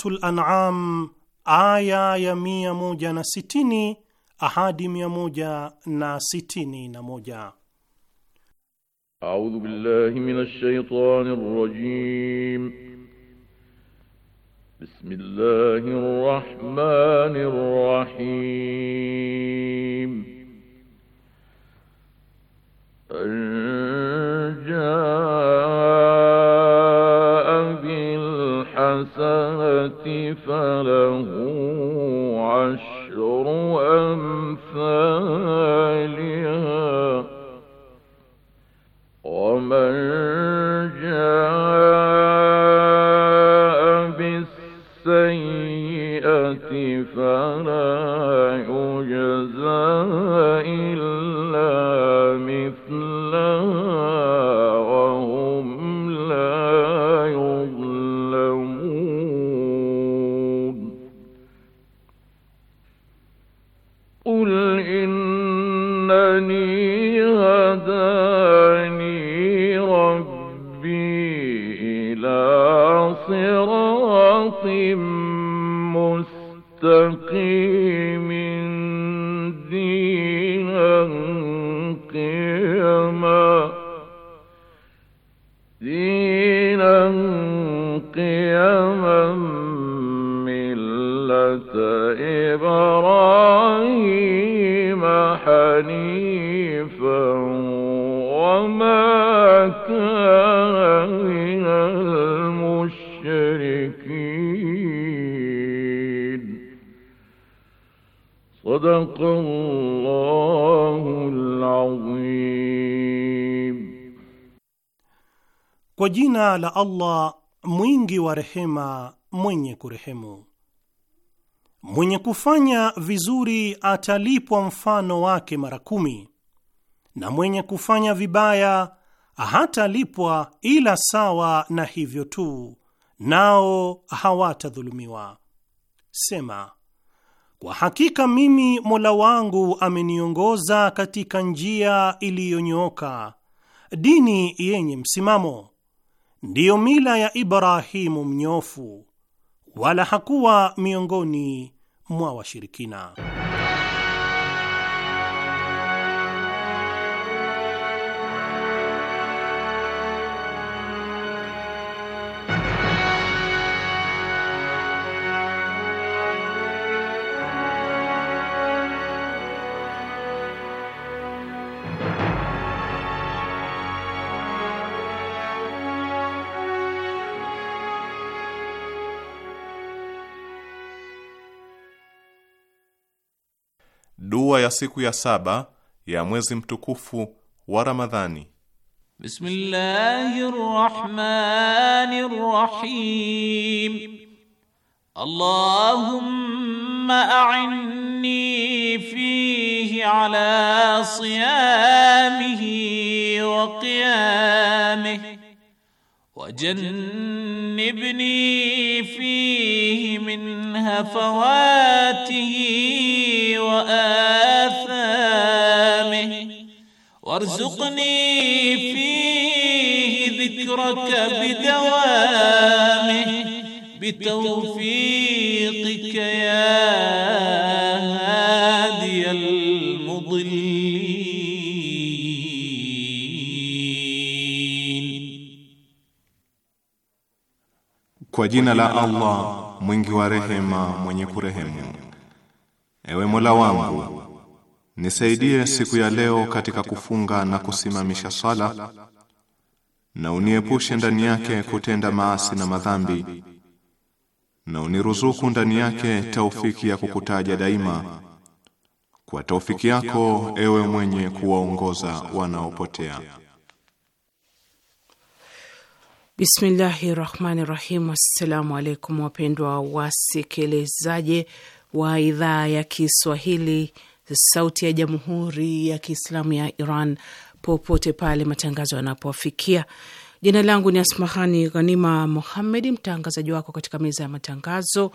Suratul An'am aya ya mia moja na sitini ahadi mia moja na sitini na moja. A'udhu billahi minash shaitanir rajim. Bismillahir rahmanir rahim فله jina la Allah mwingi wa rehema, mwenye kurehemu. Mwenye kufanya vizuri atalipwa mfano wake mara kumi, na mwenye kufanya vibaya hatalipwa ila sawa na hivyo tu, nao hawatadhulumiwa. Sema, kwa hakika mimi Mola wangu ameniongoza katika njia iliyonyooka, dini yenye msimamo ndiyo mila ya Ibrahimu mnyofu, wala hakuwa miongoni mwa washirikina. ya siku ya saba ya mwezi mtukufu wa Ramadhani. Bismillahir Rahmanir Rahim. Allahumma a'inni fihi ala siyamihi wa qiyamihi وجنبني فيه من هفواته وآثامه وارزقني فيه ذكرك بدوامه بتوفيقك يا هادي المضلين kwa jina la Allah mwingi wa rehema mwenye kurehemu Ewe Mola wangu, nisaidie siku ya leo katika kufunga na kusimamisha sala na uniepushe ndani yake kutenda maasi na madhambi na uniruzuku ndani yake taufiki ya kukutaja daima kwa taufiki yako ewe mwenye kuwaongoza wanaopotea. Bismillahirrahmanirrahim. Assalamu alaikum wapendwa wasikilizaji wa idhaa ya Kiswahili, Sauti ya Jamhuri ya Kiislamu ya Iran, popote pale matangazo yanapofikia Jina langu ni Asmahani Ghanima Muhammedi, mtangazaji wako katika meza ya matangazo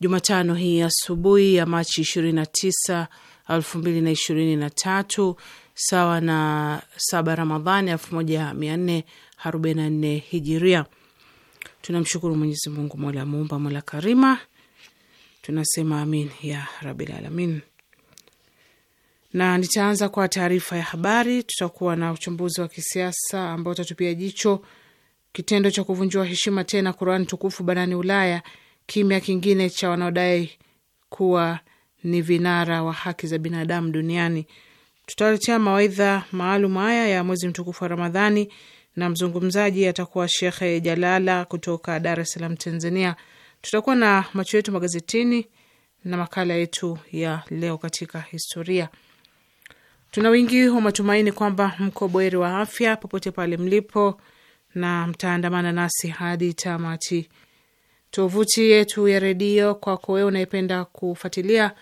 Jumatano hii asubuhi ya Machi 29, 2023 sawa na saba Ramadhani 1444 Hijiria. Tunamshukuru Mwenyezi Mungu, mola muumba, mola karima Tunasema amin ya rabil alamin. Na nitaanza kwa taarifa ya habari. Tutakuwa na uchambuzi wa kisiasa ambao utatupia jicho kitendo cha kuvunjiwa heshima tena Qurani tukufu barani Ulaya, kimya kingine cha wanaodai kuwa ni vinara wa haki za binadamu duniani. tutaletea mawaidha maalum haya ya mwezi mtukufu wa Ramadhani, na mzungumzaji atakuwa Shekhe Jalala kutoka Dar es Salaam, Tanzania. Tutakuwa na macho yetu magazetini na makala yetu ya leo katika historia. Tuna wingi wa matumaini kwamba mko bweri wa afya popote pale mlipo na mtaandamana nasi hadi tamati. Tovuti yetu ya redio kwako wewe unayependa kufuatilia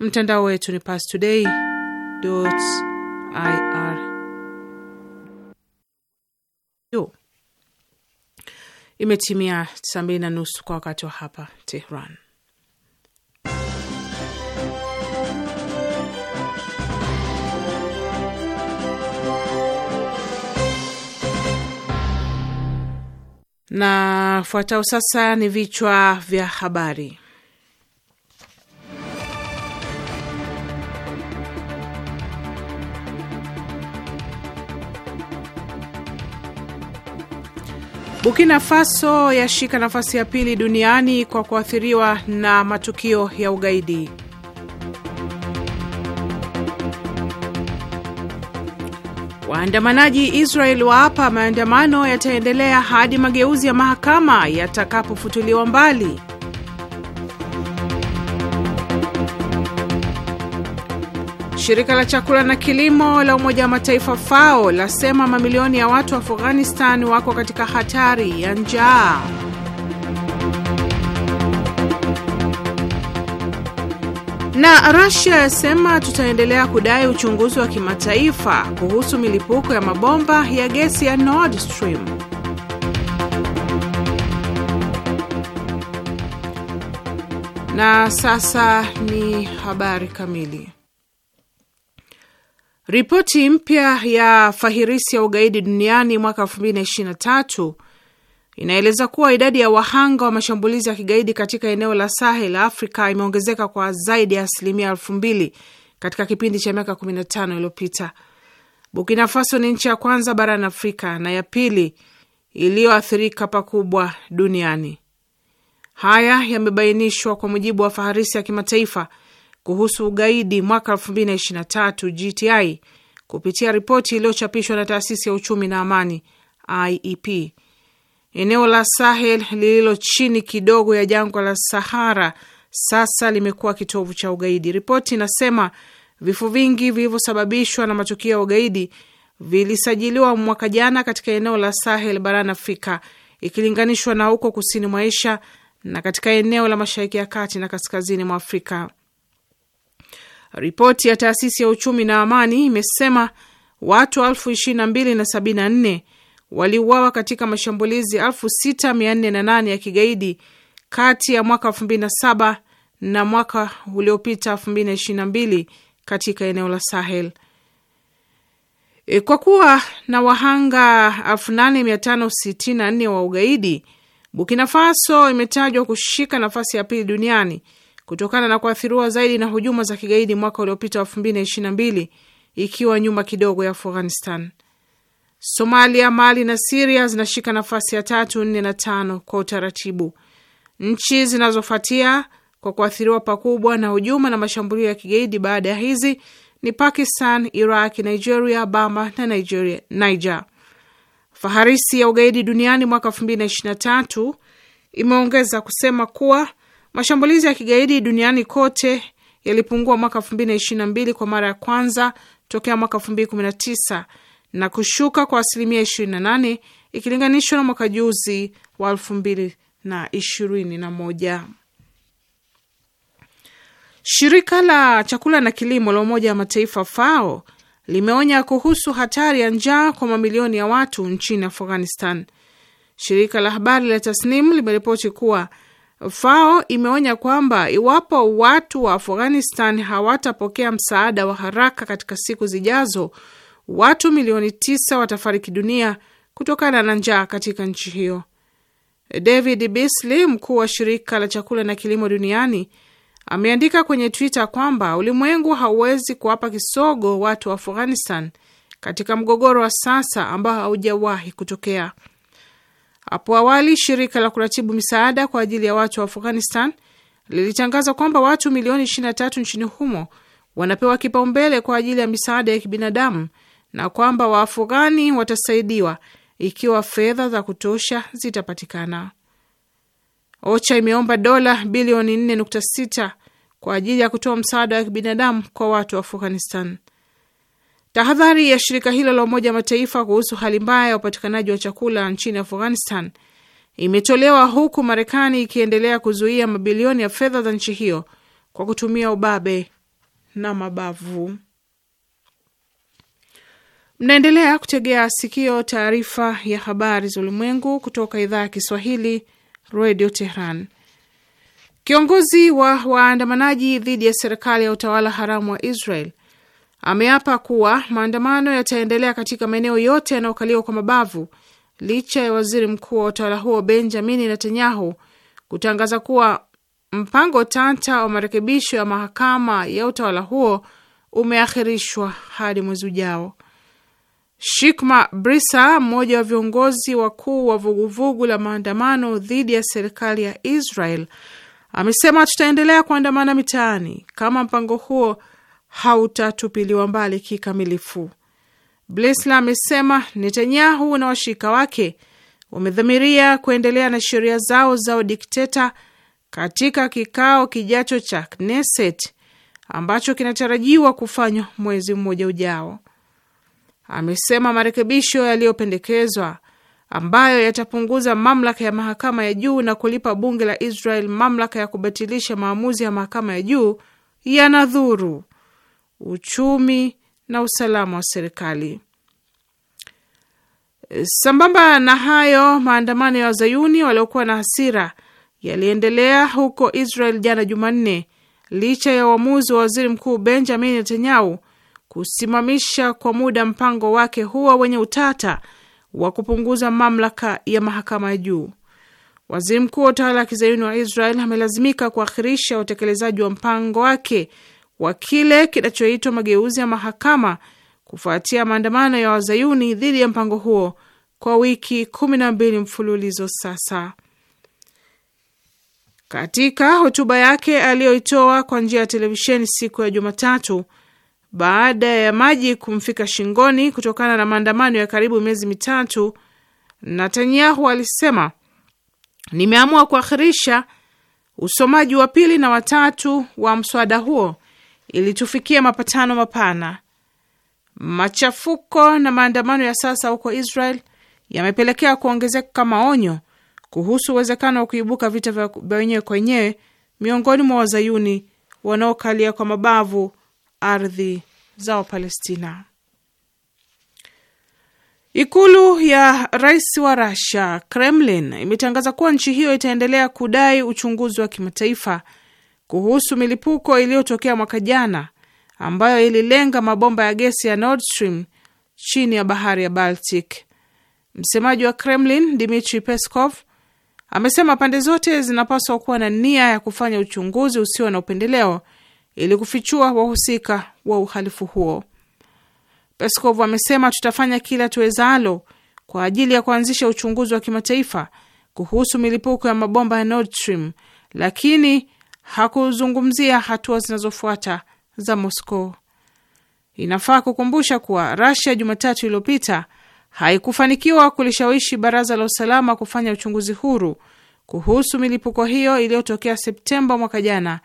mtandao wetu ni pastoday.ir. Imetimia saa mbili na nusu kwa wakati wa hapa Tehran. Na fuatao sasa ni vichwa vya habari. Burkina Faso yashika nafasi ya pili duniani kwa kuathiriwa na matukio ya ugaidi. Waandamanaji Israel waapa maandamano yataendelea hadi mageuzi ya mahakama yatakapofutuliwa mbali. Shirika la chakula na kilimo la Umoja wa Mataifa FAO lasema mamilioni ya watu wa Afghanistan wako katika hatari ya njaa. Na Russia yasema tutaendelea kudai uchunguzi wa kimataifa kuhusu milipuko ya mabomba ya gesi ya Nord Stream. Na sasa ni habari kamili. Ripoti mpya ya fahirisi ya ugaidi duniani mwaka 2023 inaeleza kuwa idadi ya wahanga wa mashambulizi ya kigaidi katika eneo la Sahel Afrika imeongezeka kwa zaidi ya asilimia elfu mbili katika kipindi cha miaka 15 iliyopita. Burkina Faso ni nchi ya kwanza barani Afrika na ya pili iliyoathirika pakubwa duniani. Haya yamebainishwa kwa mujibu wa fahirisi ya kimataifa kuhusu ugaidi mwaka 2023 GTI kupitia ripoti iliyochapishwa na taasisi ya uchumi na amani IEP. Eneo la Sahel lililo chini kidogo ya jangwa la Sahara sasa limekuwa kitovu cha ugaidi. Ripoti inasema vifo vingi vilivyosababishwa na matukio ya ugaidi vilisajiliwa mwaka jana katika eneo la Sahel barani Afrika ikilinganishwa na huko kusini mwa Asia na katika eneo la mashariki ya kati na kaskazini mwa Afrika. Ripoti ya taasisi ya uchumi na amani imesema watu elfu ishirini na mbili na sabini na nne waliuawa katika mashambulizi elfu sita mia nne na nane ya kigaidi kati ya mwaka elfu mbili na saba na mwaka uliopita elfu mbili na ishirini na mbili katika eneo la Sahel. E, kwa kuwa na wahanga elfu nane mia tano sitini na nne wa ugaidi, Burkina Faso imetajwa kushika nafasi ya pili duniani kutokana na kuathiriwa zaidi na hujuma za kigaidi mwaka uliopita wa 2022 ikiwa nyuma kidogo ya Afghanistan. Somalia, Mali na Siria zinashika nafasi ya tatu, nne na tano kwa utaratibu. Nchi zinazofuatia kwa kuathiriwa pakubwa na hujuma na mashambulio ya kigaidi baada ya hizi ni Pakistan, Iraq, Nigeria, Bama na Nigeria, Niger. Faharisi ya ugaidi duniani mwaka 2023 imeongeza kusema kuwa Mashambulizi ya kigaidi duniani kote yalipungua mwaka mbili kwa mara ya kwanza tokea mwaka kumi na kushuka kwa asilimia nane ikilinganishwa na mwaka juzi wa moja. Shirika la chakula na kilimo la Umoja wa Mataifa FAO limeonya kuhusu hatari ya njaa kwa mamilioni ya watu nchini Afghanistan. Shirika la habari la Tasnim limeripoti kuwa FAO imeonya kwamba iwapo watu wa Afghanistan hawatapokea msaada wa haraka katika siku zijazo, watu milioni tisa watafariki dunia kutokana na njaa katika nchi hiyo. David Beasley, mkuu wa shirika la chakula na kilimo duniani, ameandika kwenye Twitter kwamba ulimwengu hauwezi kuwapa kisogo watu wa Afghanistan katika mgogoro wa sasa ambao haujawahi kutokea. Hapo awali shirika la kuratibu misaada kwa ajili ya watu wa Afghanistan lilitangaza kwamba watu milioni 23 nchini humo wanapewa kipaumbele kwa ajili ya misaada ya kibinadamu na kwamba waafughani watasaidiwa ikiwa fedha za kutosha zitapatikana. OCHA imeomba dola bilioni 4.6 kwa ajili ya kutoa msaada wa kibinadamu kwa watu wa Afghanistan. Tahadhari ya shirika hilo la Umoja Mataifa kuhusu hali mbaya ya upatikanaji wa chakula nchini Afghanistan imetolewa huku Marekani ikiendelea kuzuia mabilioni ya fedha za nchi hiyo kwa kutumia ubabe na mabavu. Mnaendelea kutegea sikio taarifa ya habari za ulimwengu kutoka idhaa ya Kiswahili, Radio Tehran. Kiongozi wa waandamanaji dhidi ya serikali ya utawala haramu wa Israel Ameapa kuwa maandamano yataendelea katika maeneo yote yanayokaliwa kwa mabavu licha ya waziri mkuu wa utawala huo Benjamini Netanyahu kutangaza kuwa mpango tata wa marekebisho ya mahakama ya utawala huo umeahirishwa hadi mwezi ujao. Shikma Brisa, mmoja wa viongozi wakuu wa vuguvugu la maandamano dhidi ya serikali ya Israel, amesema tutaendelea kuandamana mitaani kama mpango huo hautatupiliwa mbali kikamilifu. Blesla amesema Netanyahu na washirika wake wamedhamiria kuendelea na sheria zao za udikteta katika kikao kijacho cha Knesset ambacho kinatarajiwa kufanywa mwezi mmoja ujao. Amesema marekebisho yaliyopendekezwa ambayo yatapunguza mamlaka ya mahakama ya juu na kulipa bunge la Israel mamlaka ya kubatilisha maamuzi ya mahakama ya juu yanadhuru uchumi na usalama wa serikali. Sambamba na hayo, maandamano ya wazayuni waliokuwa na hasira yaliendelea huko Israel jana Jumanne, licha ya uamuzi wa waziri mkuu Benjamin Netanyahu kusimamisha kwa muda mpango wake huo wenye utata wa kupunguza mamlaka ya mahakama ya juu. Waziri mkuu wa utawala wa kizayuni wa Israel amelazimika kuakhirisha utekelezaji wa mpango wake wa kile kinachoitwa mageuzi ya mahakama kufuatia maandamano ya wazayuni dhidi ya mpango huo kwa wiki kumi na mbili mfululizo sasa. Katika hotuba yake aliyoitoa kwa njia ya televisheni siku ya Jumatatu baada ya maji kumfika shingoni kutokana na maandamano ya karibu miezi mitatu, Netanyahu alisema, nimeamua kuakhirisha usomaji wa pili na watatu wa mswada huo ilitufikia mapatano mapana. Machafuko na maandamano ya sasa huko Israel yamepelekea kuongezeka maonyo kuhusu uwezekano wa kuibuka vita vya wenyewe kwa wenyewe miongoni mwa wazayuni wanaokalia kwa mabavu ardhi za Wapalestina. Ikulu ya rais wa rasia Kremlin, imetangaza kuwa nchi hiyo itaendelea kudai uchunguzi wa kimataifa kuhusu milipuko iliyotokea mwaka jana ambayo ililenga mabomba ya gesi ya Nord Stream chini ya bahari ya Baltic. Msemaji wa Kremlin Dmitri Peskov amesema pande zote zinapaswa kuwa na nia ya kufanya uchunguzi usio na upendeleo ili kufichua wahusika wa uhalifu huo. Peskov amesema, tutafanya kila tuwezalo kwa ajili ya kuanzisha uchunguzi wa kimataifa kuhusu milipuko ya mabomba ya Nord Stream, lakini hakuzungumzia hatua zinazofuata za Moscow. Inafaa kukumbusha kuwa Rasia Jumatatu iliyopita haikufanikiwa kulishawishi baraza la usalama kufanya uchunguzi huru kuhusu milipuko hiyo iliyotokea Septemba mwaka jana,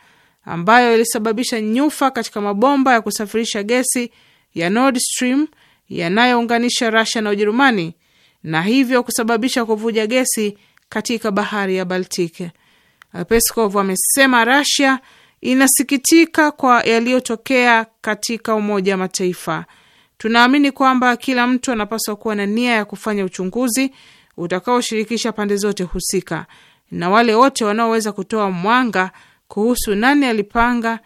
ambayo ilisababisha nyufa katika mabomba ya kusafirisha gesi ya Nord Stream yanayounganisha Rasia na Ujerumani na hivyo kusababisha kuvuja gesi katika bahari ya Baltiki. Eh, Peskov amesema Rasia inasikitika kwa yaliyotokea katika Umoja wa Mataifa. Tunaamini kwamba kila mtu anapaswa kuwa na nia ya kufanya uchunguzi utakaoshirikisha pande zote husika na wale wote wanaoweza kutoa mwanga kuhusu nani alipanga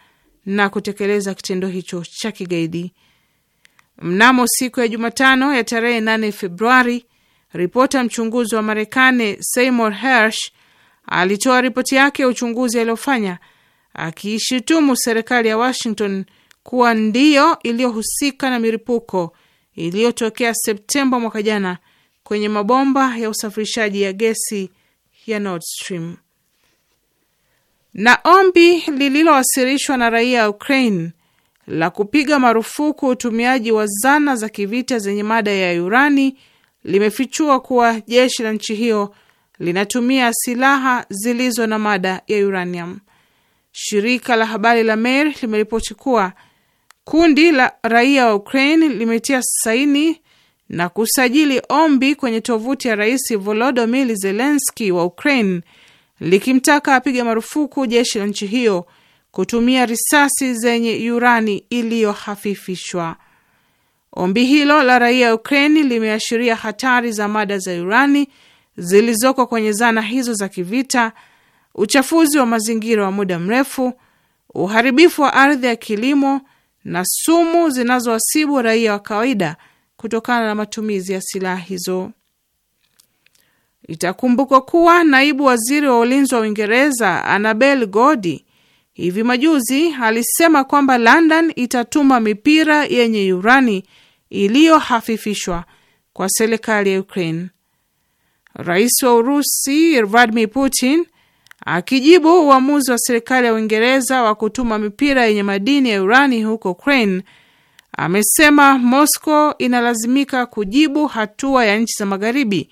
na kutekeleza kitendo hicho cha kigaidi. Mnamo siku ya Jumatano ya tarehe 8 Februari, ripota mchunguzi wa Marekani Seymour Hersh alitoa ripoti yake ya uchunguzi aliyofanya akiishutumu serikali ya Washington kuwa ndiyo iliyohusika na milipuko iliyotokea Septemba mwaka jana kwenye mabomba ya usafirishaji ya gesi ya Nord Stream. Na ombi lililowasilishwa na raia wa Ukraine la kupiga marufuku utumiaji wa zana za kivita zenye mada ya urani limefichua kuwa jeshi la nchi hiyo linatumia silaha zilizo na mada ya uranium. Shirika la habari la Mer limeripoti kuwa kundi la raia wa Ukraine limetia saini na kusajili ombi kwenye tovuti ya Rais Volodymyr Zelensky wa Ukraine likimtaka apige marufuku jeshi la nchi hiyo kutumia risasi zenye urani iliyohafifishwa. Ombi hilo la raia wa Ukraine limeashiria hatari za mada za urani zilizoko kwenye zana hizo za kivita, uchafuzi wa mazingira wa muda mrefu, uharibifu wa ardhi ya kilimo na sumu zinazowasibu raia wa kawaida kutokana na matumizi ya silaha hizo. Itakumbukwa kuwa naibu waziri wa ulinzi wa Uingereza Annabel Godi hivi majuzi alisema kwamba London itatuma mipira yenye urani iliyohafifishwa kwa serikali ya Ukraine. Rais wa Urusi Vladimir Putin akijibu uamuzi wa serikali ya Uingereza wa kutuma mipira yenye madini ya urani huko Ukraine amesema Moscow inalazimika kujibu hatua ya nchi za magharibi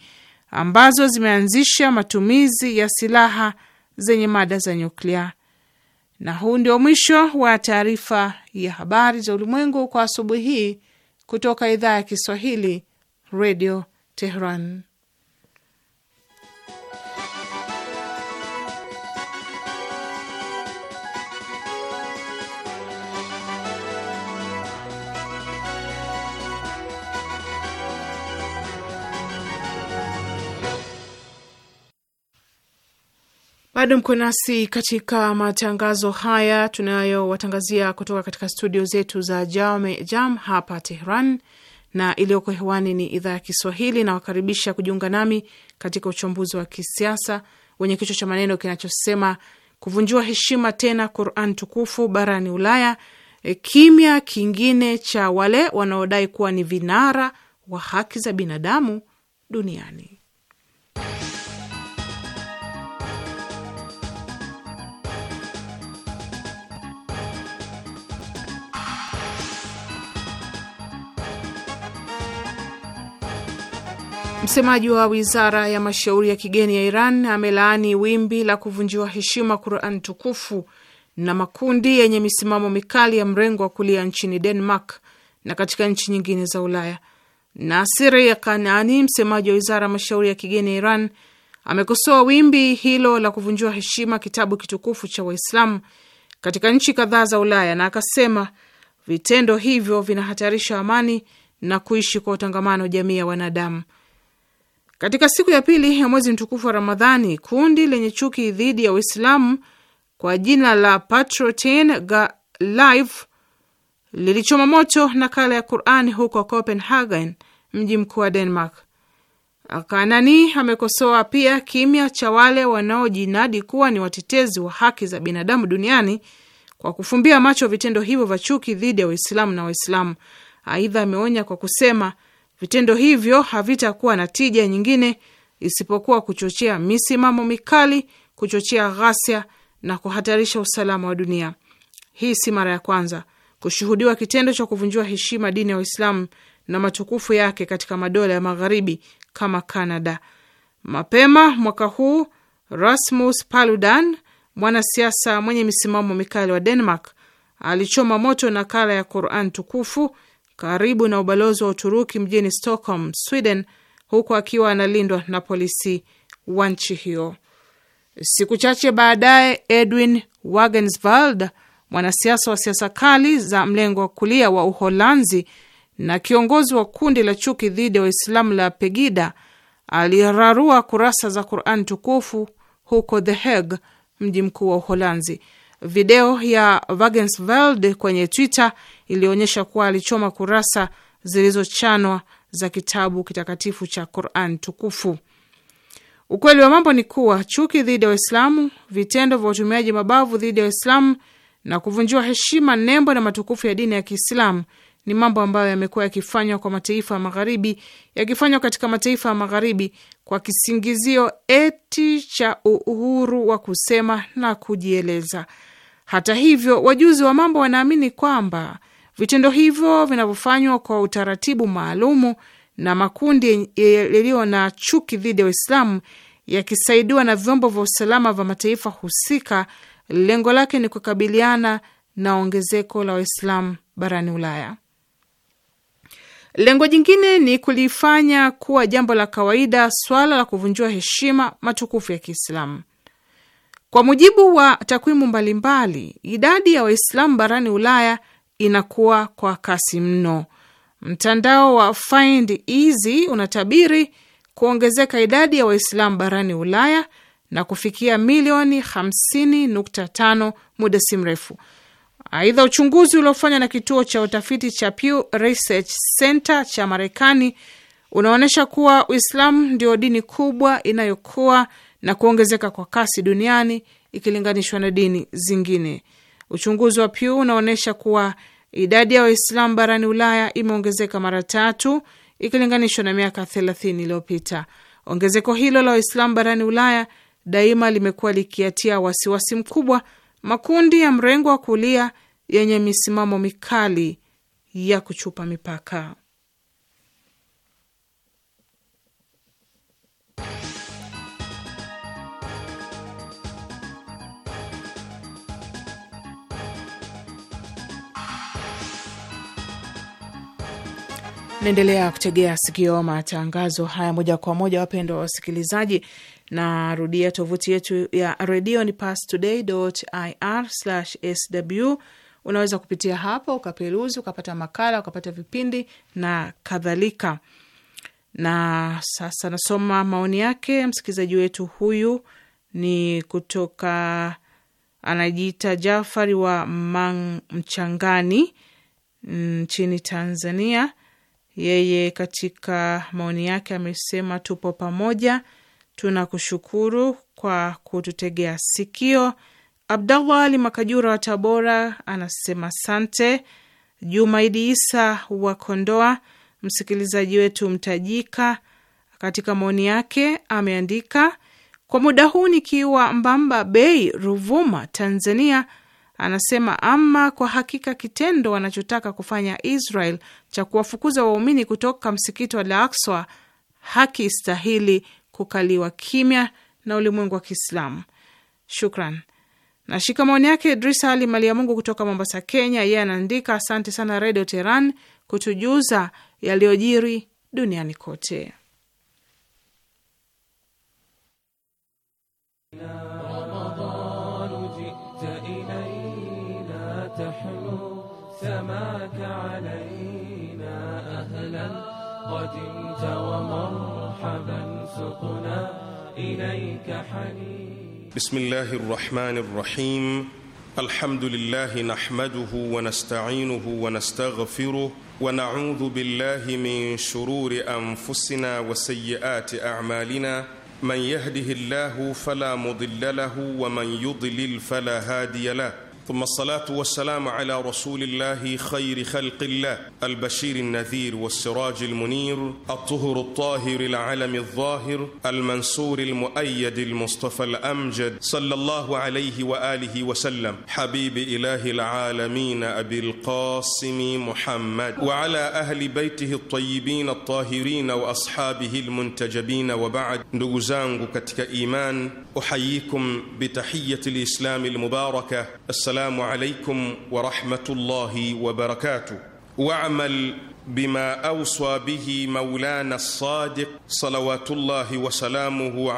ambazo zimeanzisha matumizi ya silaha zenye mada za nyuklia. Na huu ndio mwisho wa taarifa ya habari za ulimwengu kwa asubuhi hii kutoka idhaa ya Kiswahili, Radio Tehran. Bado mko nasi katika matangazo haya tunayowatangazia kutoka katika studio zetu za Jame Jam hapa Tehran, na iliyoko hewani ni idhaa ya Kiswahili. Nawakaribisha kujiunga nami katika uchambuzi wa kisiasa wenye kichwa cha maneno kinachosema kuvunjiwa heshima tena Quran tukufu barani Ulaya, e, kimya kingine cha wale wanaodai kuwa ni vinara wa haki za binadamu duniani. Msemaji wa wizara ya mashauri ya kigeni ya Iran amelaani wimbi la kuvunjiwa heshima Quran tukufu na makundi yenye misimamo mikali ya mrengo wa kulia nchini Denmark na katika nchi nyingine za Ulaya. Nasiri ya kanani msemaji wa wizara ya mashauri ya kigeni ya Iran, amekosoa wimbi hilo la kuvunjiwa heshima kitabu kitukufu cha Waislamu katika nchi kadhaa za Ulaya na akasema vitendo hivyo vinahatarisha amani na kuishi kwa utangamano jamii ya wanadamu. Katika siku ya pili ya mwezi mtukufu wa Ramadhani, kundi lenye chuki dhidi ya Uislamu kwa jina la Patriotin Live lilichoma moto nakala ya Qurani huko Copenhagen, mji mkuu wa Denmark. Kanani amekosoa pia kimya cha wale wanaojinadi kuwa ni watetezi wa haki za binadamu duniani kwa kufumbia macho vitendo hivyo vya chuki dhidi ya Waislamu na Waislamu. Aidha, ameonya kwa kusema Vitendo hivyo havitakuwa na tija nyingine isipokuwa kuchochea misimamo mikali, kuchochea ghasia na kuhatarisha usalama wa dunia. Hii si mara ya kwanza kushuhudiwa kitendo cha kuvunjiwa heshima dini ya Waislamu na matukufu yake katika madola ya magharibi kama Canada. Mapema mwaka huu, Rasmus Paludan, mwanasiasa mwenye misimamo mikali wa Denmark, alichoma moto nakala ya Quran tukufu karibu na ubalozi wa Uturuki mjini Stockholm, Sweden, huku akiwa analindwa na polisi wa nchi hiyo. Siku chache baadaye, Edwin Wagensvald, mwanasiasa wa siasa kali za mlengo wa kulia wa Uholanzi na kiongozi wa kundi la chuki dhidi ya Waislamu la Pegida, alirarua kurasa za Quran tukufu huko The Hague, mji mkuu wa Uholanzi. Video ya Wagensveld kwenye Twitter ilionyesha kuwa alichoma kurasa zilizochanwa za kitabu kitakatifu cha Quran tukufu. Ukweli wa mambo ni kuwa chuki dhidi ya Waislamu, vitendo vya utumiaji mabavu dhidi ya Waislamu na kuvunjiwa heshima nembo na matukufu ya dini ya Kiislamu ni mambo ambayo yamekuwa yakifanywa kwa mataifa ya Magharibi, yakifanywa katika mataifa ya Magharibi kwa kisingizio eti cha uhuru wa kusema na kujieleza. Hata hivyo, wajuzi wa mambo wanaamini kwamba vitendo hivyo vinavyofanywa kwa utaratibu maalumu na makundi yaliyo na chuki dhidi ya Waislamu yakisaidiwa na vyombo vya usalama vya mataifa husika, lengo lake ni kukabiliana na ongezeko la Waislamu barani Ulaya. Lengo jingine ni kulifanya kuwa jambo la kawaida swala la kuvunjiwa heshima matukufu ya Kiislamu. Kwa mujibu wa takwimu mbalimbali, idadi ya Waislamu barani Ulaya inakuwa kwa kasi mno. Mtandao wa Find Easy unatabiri kuongezeka idadi ya Waislamu barani Ulaya na kufikia milioni 50.5 muda si mrefu. Aidha, uchunguzi uliofanywa na kituo cha utafiti cha Pew Research Center cha Marekani unaonyesha kuwa Uislamu ndio dini kubwa inayokuwa na kuongezeka kwa kasi duniani ikilinganishwa na dini zingine. Uchunguzi wa Pew unaonyesha kuwa idadi ya Waislamu barani Ulaya imeongezeka mara tatu ikilinganishwa na miaka 30 iliyopita. Ongezeko hilo la Waislamu barani Ulaya daima limekuwa likiatia wasiwasi mkubwa makundi ya mrengo wa kulia yenye misimamo mikali ya kuchupa mipaka. Naendelea kutegea sikio matangazo haya moja kwa moja, wapendwa wasikilizaji. Narudia, tovuti yetu ya redio ni pastoday.ir/sw. Unaweza kupitia hapo ukaperuzi, ukapata makala, ukapata vipindi na kadhalika. Na sasa nasoma maoni yake msikilizaji wetu huyu, ni kutoka anajiita Jafari wa Mang Mchangani nchini Tanzania. Yeye katika maoni yake amesema tupo pamoja, tunakushukuru kwa kututegea sikio. Abdallah Ali Makajura wa Tabora anasema sante. Jumaidi Isa wa Kondoa, msikilizaji wetu mtajika, katika maoni yake ameandika kwa muda huu nikiwa Mbamba Bay, Ruvuma, Tanzania Anasema ama kwa hakika kitendo wanachotaka kufanya Israel cha kuwafukuza waumini kutoka msikiti wa Al-Aqsa hakistahili kukaliwa kimya na ulimwengu wa Kiislamu. Shukran. Nashika maoni yake Idrisa Ali mali ya Mungu kutoka Mombasa, Kenya. Yeye anaandika asante sana Redio Teheran kutujuza yaliyojiri duniani kote. قدمت ومرحبا سقنا إليك حنين بسم الله الرحمن الرحيم الحمد لله نحمده ونستعينه ونستغفره ونعوذ بالله من شرور أنفسنا وسيئات أعمالنا من يهده الله فلا مضل له ومن يضلل فلا هادي له ثم الصلاة والسلام على رسول الله خير خلق الله البشير النذير والسراج المنير الطهر الطاهر العلم الظاهر المنصور المؤيد المصطفى الأمجد صلى الله عليه وآله وسلم حبيب إله العالمين أبي القاسم محمد وعلى أهل بيته الطيبين الطاهرين وأصحابه المنتجبين وبعد نوزانك كإيمان أحييكم بتحية الإسلام المباركة السلام السلام عليكم ورحمة الله وبركاته واعمل بما أوصى به مولانا الصادق صلوات الله وسلامه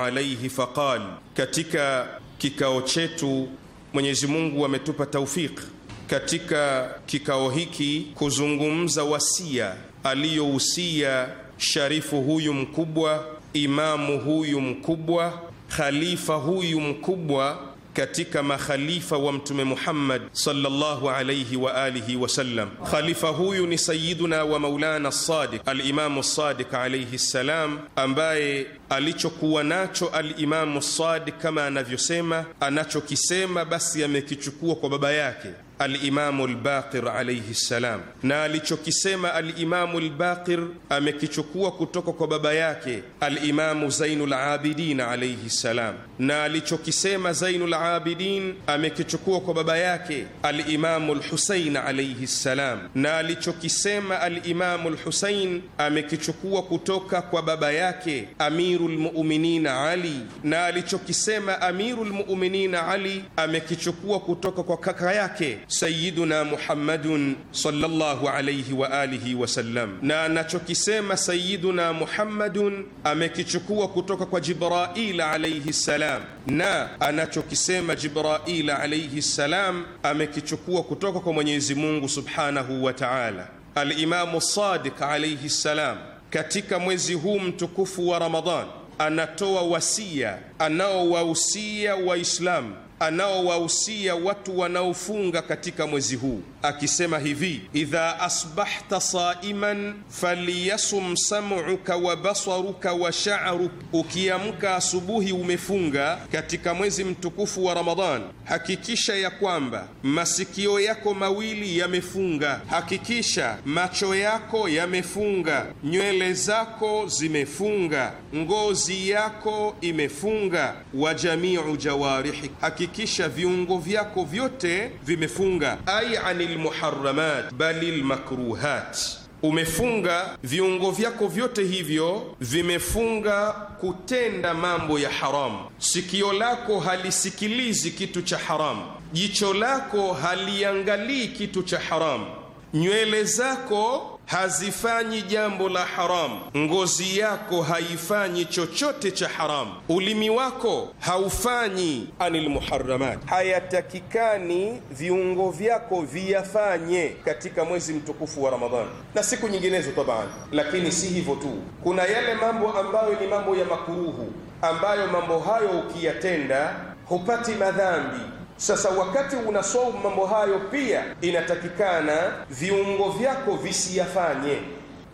katika kikao chetu Mwenyezi Mungu ametupa taufiki katika kikao hiki kuzungumza wasia aliyohusia sharifu huyu mkubwa, imamu huyu mkubwa, khalifa huyu mkubwa katika makhalifa wa Mtume Muhammad sallallahu alayhi wa alihi sallam. Khalifa huyu ni sayiduna wa maulana Sadiq, alimamu Sadiq alayhi salam, ambaye alichokuwa nacho alimamu Sadiq kama anavyosema, anachokisema basi amekichukua kwa baba yake Alimamu Lbaqir alaihi ssalam, na alichokisema Alimamu Lbaqir amekichukua kutoka kwa baba yake Alimamu Zainulabidin alaihi ssalam, na alichokisema Zainulabidin amekichukua kwa baba yake Alimamu Lhusain alaihi ssalam, na alichokisema Alimamu Lhusain amekichukua kutoka kwa baba yake Amiru lmuminin Ali, na alichokisema Amiru muminin Ali amekichukua kutoka kwa kaka yake sayyiduna Muhammadun sallallahu alayhi wa alihi wasallam, na anachokisema sayyiduna Muhammadun amekichukua kutoka kwa Jibrail alayhi salam, na anachokisema Jibrail alayhi salam amekichukua kutoka kwa Mwenyezi Mungu subhanahu wa ta'ala. Al-Imamu Sadiq alayhi salam katika mwezi huu mtukufu wa Ramadhan anatoa wasia, anaowausia Waislamu anaowahusia watu wanaofunga katika mwezi huu akisema hivi: idha asbahta saiman falyasum sam'uka wa basaruka wa sha'ruk, ukiamka asubuhi umefunga katika mwezi mtukufu wa Ramadhan, hakikisha ya kwamba masikio yako mawili yamefunga, hakikisha macho yako yamefunga, nywele zako zimefunga, ngozi yako imefunga, wa jamiu jawarihik, hakikisha viungo vyako vyote vimefunga. ai lmuharamat bali lmakruhat, umefunga viungo vyako vyote hivyo vimefunga kutenda mambo ya haramu. Sikio lako halisikilizi kitu cha haramu, jicho lako haliangalii kitu cha haramu, nywele zako hazifanyi jambo la haramu, ngozi yako haifanyi chochote cha haramu, ulimi wako haufanyi anil muharramat, hayatakikani viungo vyako viyafanye katika mwezi mtukufu wa Ramadhani na siku nyinginezo tabani. Lakini si hivyo tu, kuna yale mambo ambayo ni mambo ya makuruhu, ambayo mambo hayo ukiyatenda hupati madhambi sasa wakati unasoma mambo hayo, pia inatakikana viungo vyako visiyafanye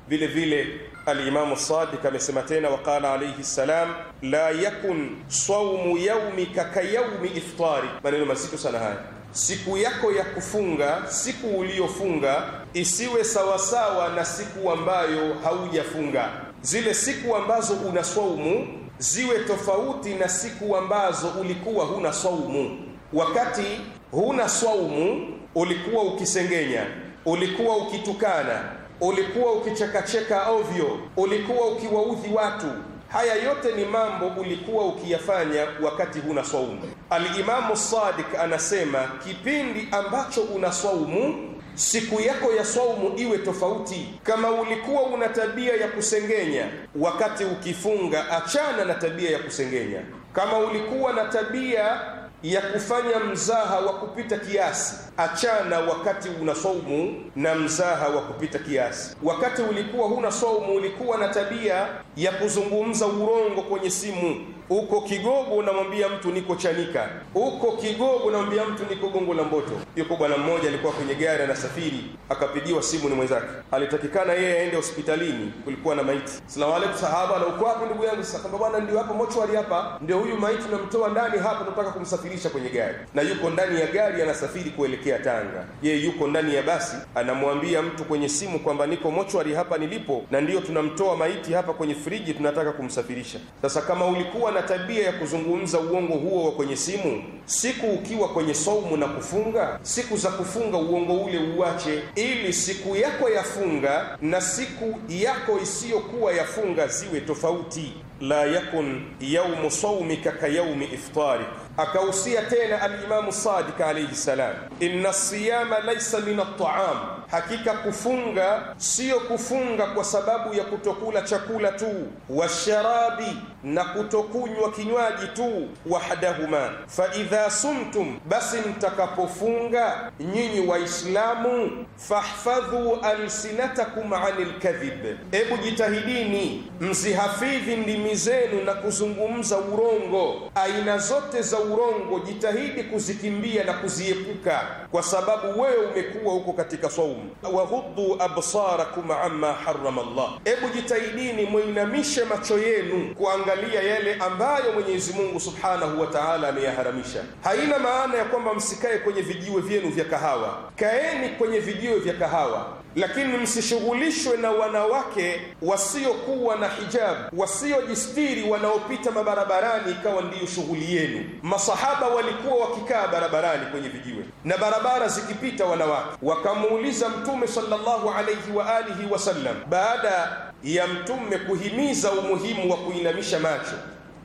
vile vile. Alimamu Sadiq amesema tena, waqala alayhi salam, la yakun saumu yaumika kayaumi iftari. Maneno mazito sana haya. Siku yako ya kufunga, siku uliyofunga isiwe sawasawa na siku ambayo haujafunga. Zile siku ambazo una swaumu ziwe tofauti na siku ambazo ulikuwa huna saumu wakati huna swaumu, ulikuwa ukisengenya, ulikuwa ukitukana, ulikuwa ukichekacheka ovyo, ulikuwa ukiwaudhi watu. Haya yote ni mambo ulikuwa ukiyafanya wakati huna swaumu. Alimamu sadik anasema kipindi ambacho una swaumu siku yako ya saumu iwe tofauti. Kama ulikuwa una tabia ya kusengenya, wakati ukifunga, achana na tabia ya kusengenya. Kama ulikuwa na tabia ya kufanya mzaha wa kupita kiasi, achana wakati una saumu na mzaha wa kupita kiasi. Wakati ulikuwa huna saumu, ulikuwa na tabia ya kuzungumza urongo kwenye simu uko Kigogo unamwambia mtu niko Chanika, uko Kigogo unamwambia mtu niko Gongo la Mboto. Yuko bwana mmoja alikuwa kwenye gari anasafiri, akapigiwa simu ni mwenzake, alitakikana yeye aende hospitalini, kulikuwa na maiti. Salamu alaykum, sahaba na uko wapi ndugu yangu? Sasa kamba bwana, ndio hapo mochwari hapa, ndio huyu maiti namtoa ndani hapa, tunataka kumsafirisha kwenye gari, na yuko ndani ya gari anasafiri kuelekea Tanga. Yeye yuko ndani ya basi, anamwambia mtu kwenye simu kwamba niko mochwari hapa nilipo, na ndiyo tunamtoa maiti hapa kwenye friji, tunataka kumsafirisha. Sasa kama ulikuwa na tabia ya kuzungumza uongo huo wa kwenye simu, siku ukiwa kwenye saumu na kufunga, siku za kufunga uongo ule uache, ili siku yako yafunga na siku yako isiyokuwa yafunga ziwe tofauti. La yakun yaumu saumika kayaumi iftarik. Akahusia tena Alimamu Sadiq alaihi salam, inna siyama laisa min altaam hakika kufunga siyo kufunga kwa sababu ya kutokula chakula tu, washarabi, na kutokunywa kinywaji tu, wahdahuma. Faidha sumtum, basi mtakapofunga nyinyi Waislamu, fahfadhu alsinatakum ani lkadhib, ebu jitahidini msihafidhi ndimi zenu na kuzungumza urongo, aina zote za urongo jitahidi kuzikimbia na kuziepuka, kwa sababu wewe umekuwa huko katika swau anfusakum waghuddu absarakum amma harrama Allah, ebu jitahidini mwinamishe macho yenu kuangalia yale ambayo Mwenyezi Mungu subhanahu wa taala ameyaharamisha. Haina maana ya kwamba msikae kwenye vijiwe vyenu vya kahawa, kaeni kwenye vijiwe vya kahawa lakini msishughulishwe na wanawake wasiokuwa na hijabu, wasiojistiri, wanaopita mabarabarani ikawa ndiyo shughuli yenu. Masahaba walikuwa wakikaa barabarani kwenye vijiwe na barabara zikipita wanawake, wakamuuliza Mtume sallallahu alayhi wa alihi wasallam, baada ya Mtume kuhimiza umuhimu wa kuinamisha macho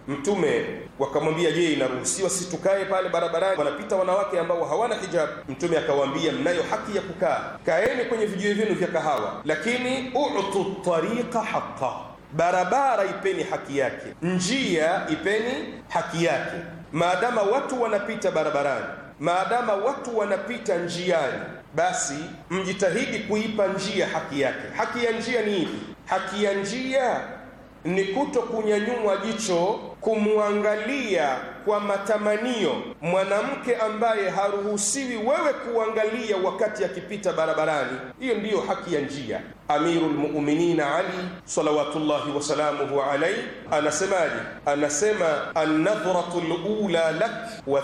Mtume wakamwambia, je, inaruhusiwa si tukae pale barabarani, wanapita wanawake ambao hawana hijab? Mtume akawaambia, mnayo haki ya kukaa, kaeni kwenye vijiwe vyenu vya kahawa, lakini utu tariqa haqa, barabara ipeni haki yake, njia ipeni haki yake. Maadama watu wanapita barabarani, maadama watu wanapita njiani, basi mjitahidi kuipa njia haki yake. Haki ya njia ni ipi? Haki ya njia ni kuto kunyanyua jicho kumwangalia kwa matamanio mwanamke ambaye haruhusiwi wewe kuangalia wakati akipita barabarani, hiyo ndiyo haki ya njia. Amiru lmuminin Ali salawatullahi wasalamuhu alaihi anasemaje? Anasema, annadhratu lula lak wa